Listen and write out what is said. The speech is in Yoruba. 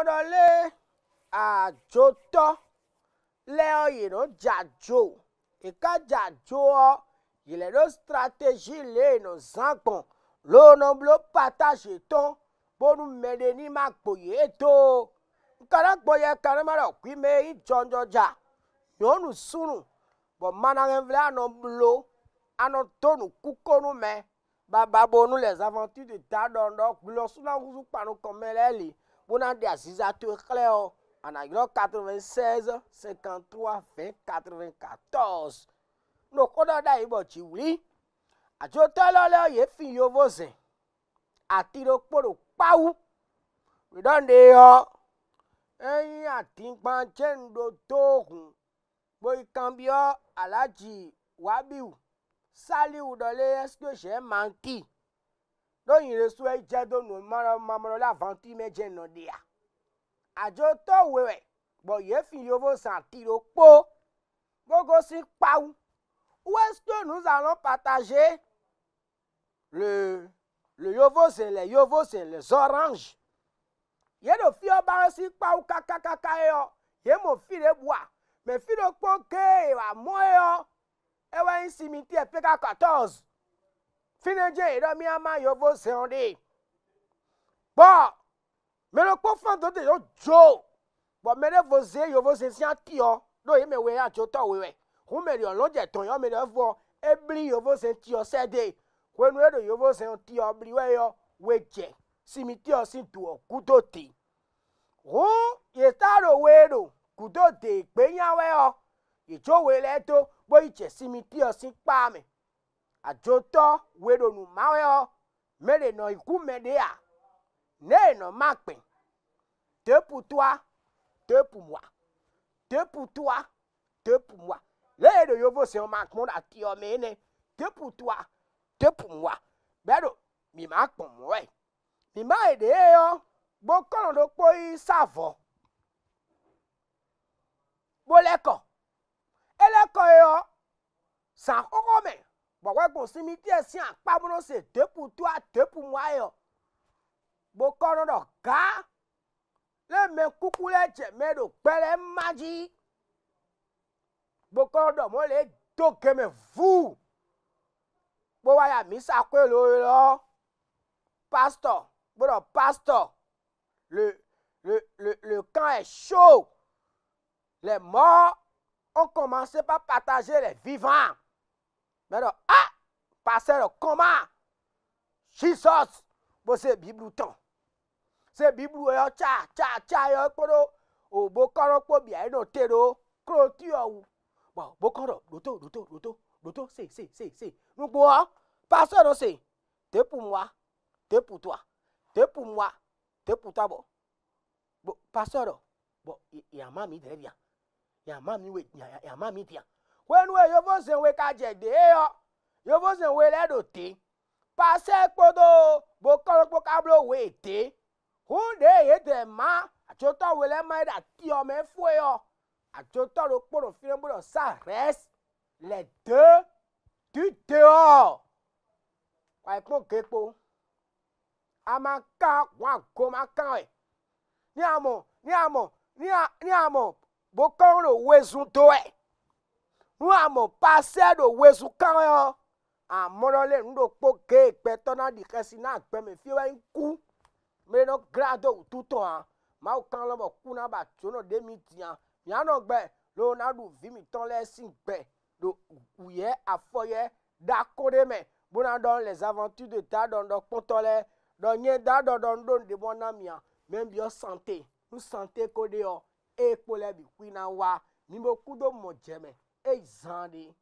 mɔdɔlé adzotɔ lɛ yìnyɛn dzadzo eka dzadzoɔ yi le ɖo stratégie le yìnyɛn zãgbɔn lónà blo pata zetɔ bonu mɛɖe ni ma gbo yi eto nkana gbɔ yɛ kana ma ɖe kui me yi dzɔndzɔdza nyɔnu sunu bɔ manahɛvlɛ anɔ blo anɔ to nu kukonu mɛ bababo nu le zavɔntu de ta dɔn dɔ gblɔ sunakusu kpanu kɔmɛ Bona des assisateurs clairs. Anagram 96 53 20 94. No koda da ibo chiwuli. Ajo tolo leo ye fin yo voze. Atiro poro pau. We don de yo. Ẹyin àtìpọn jẹ́ǹdo tóògùn Gbóyìkánbíọ́ Aláàjì Wábíù Sálíù Dọ̀lé Ẹ́síkòṣẹ́ Mánkì tonyire so agya do no mara mamoro la vanti meje no dia ajo to wewe bo ye fi yovo san ti ro po gogo si pau weston nous allons partager le le yovo c'est les yovo c'est les oranges ye do fi oba si pau kaka kaka yo ye mo fi re bua me fi ro po ke wa mo yo ewa insimiti e pe ka 14 fineje ira mi ama yovo seonde bo mero po fan to de yo jo bo mere voze yovo se si ati o do ye mewe a jo to wewe hu mere on loje ton yo mere vo ebli yovo se ti o se de kwenu edo yovo se ti o bli we yo weje simi ti o si tu o kudo ti hu ye taro wero kudo de gbeyan we o ijowe le to bo ije simi ti o si pa mi adzotɔ weɖonu mawɔ meɖenɔ ikume ɖea neenɔ makpe teputoa tepumua teputoa tepumua Le ɖo yovo se makpɔ ɖe atiɔ me ene teputoa tepumua bɛɖo mi ma kpɔ mɔe mi ma eɖe yɔ bo kɔlɔ ɖo kpoyi savɔ bo lɛ kɔ elɛ kɔ yɔ sa xɔxɔ me. pour simi tiɛ si akpabono se depu to a pour toi, deux pour moi. le me le ya le pastor pasteur pastor le le le le camp est chaud les morts ont commencé par partager les vivants mais non, pasteur comment jesus bó ṣe bíbélù tán ṣe bíbélù ẹ ọchá chá chá ẹ ọpọlọ òbó kọrọ pòbí ẹ náà tèrò kúrò tí ọwù bọ bó kọrọ lótó lótó lótó lótó ṣe ṣe ṣe ṣe gbogbo ọ pasteur ṣe tẹpù mu wa tẹpù tó a tẹpù mu wa tẹpù tó a bọ bọ pasteur bọ yàmá mi dẹrẹ bìà yàmá mi wẹ yàmá mi bìà wẹnu ẹ yóò fọ sẹwọn ká jẹ dé yọ yevuzi we le ɖo te pase kpodo bo kɔlɔkpo kablo we te hunde ye de ma atsotɔ we le ma ɖe atiɔ me foe yɔ atsotɔ ɖo kpo ɖo fi ɖe bo ɖo sa res le de tu te yɔ wa kpo ge kpo ama ka wa go ma ka wɛ ní àmọ̀ ní àmọ̀ ní àmọ̀ bo kɔn ɖo we zu doɛ nu àmọ̀ pase ɖo we zu kan yɔ amorole nuɖokpo ge gbetɔna ɖi xesi na agbeme fi wa ŋku menɔ gra do tutɔa mawu kan lɔ bɔ kuna ba tso nɔ ɖe mi tia mianɔ gbe lo na ɖu vimitɔ le esi gbe do yɛ afɔ yɛ da ko ɖe me bona dɔn le zavantu de ta dɔn dɔ kpɔtɔ lɛ dɔn nye da dɔ dɔn ɖo ɖe bɔ na mia mɛ bi yɔ sante nu sante ko de yɔ eye kpo lɛ bi kui na wa mi bo zan de.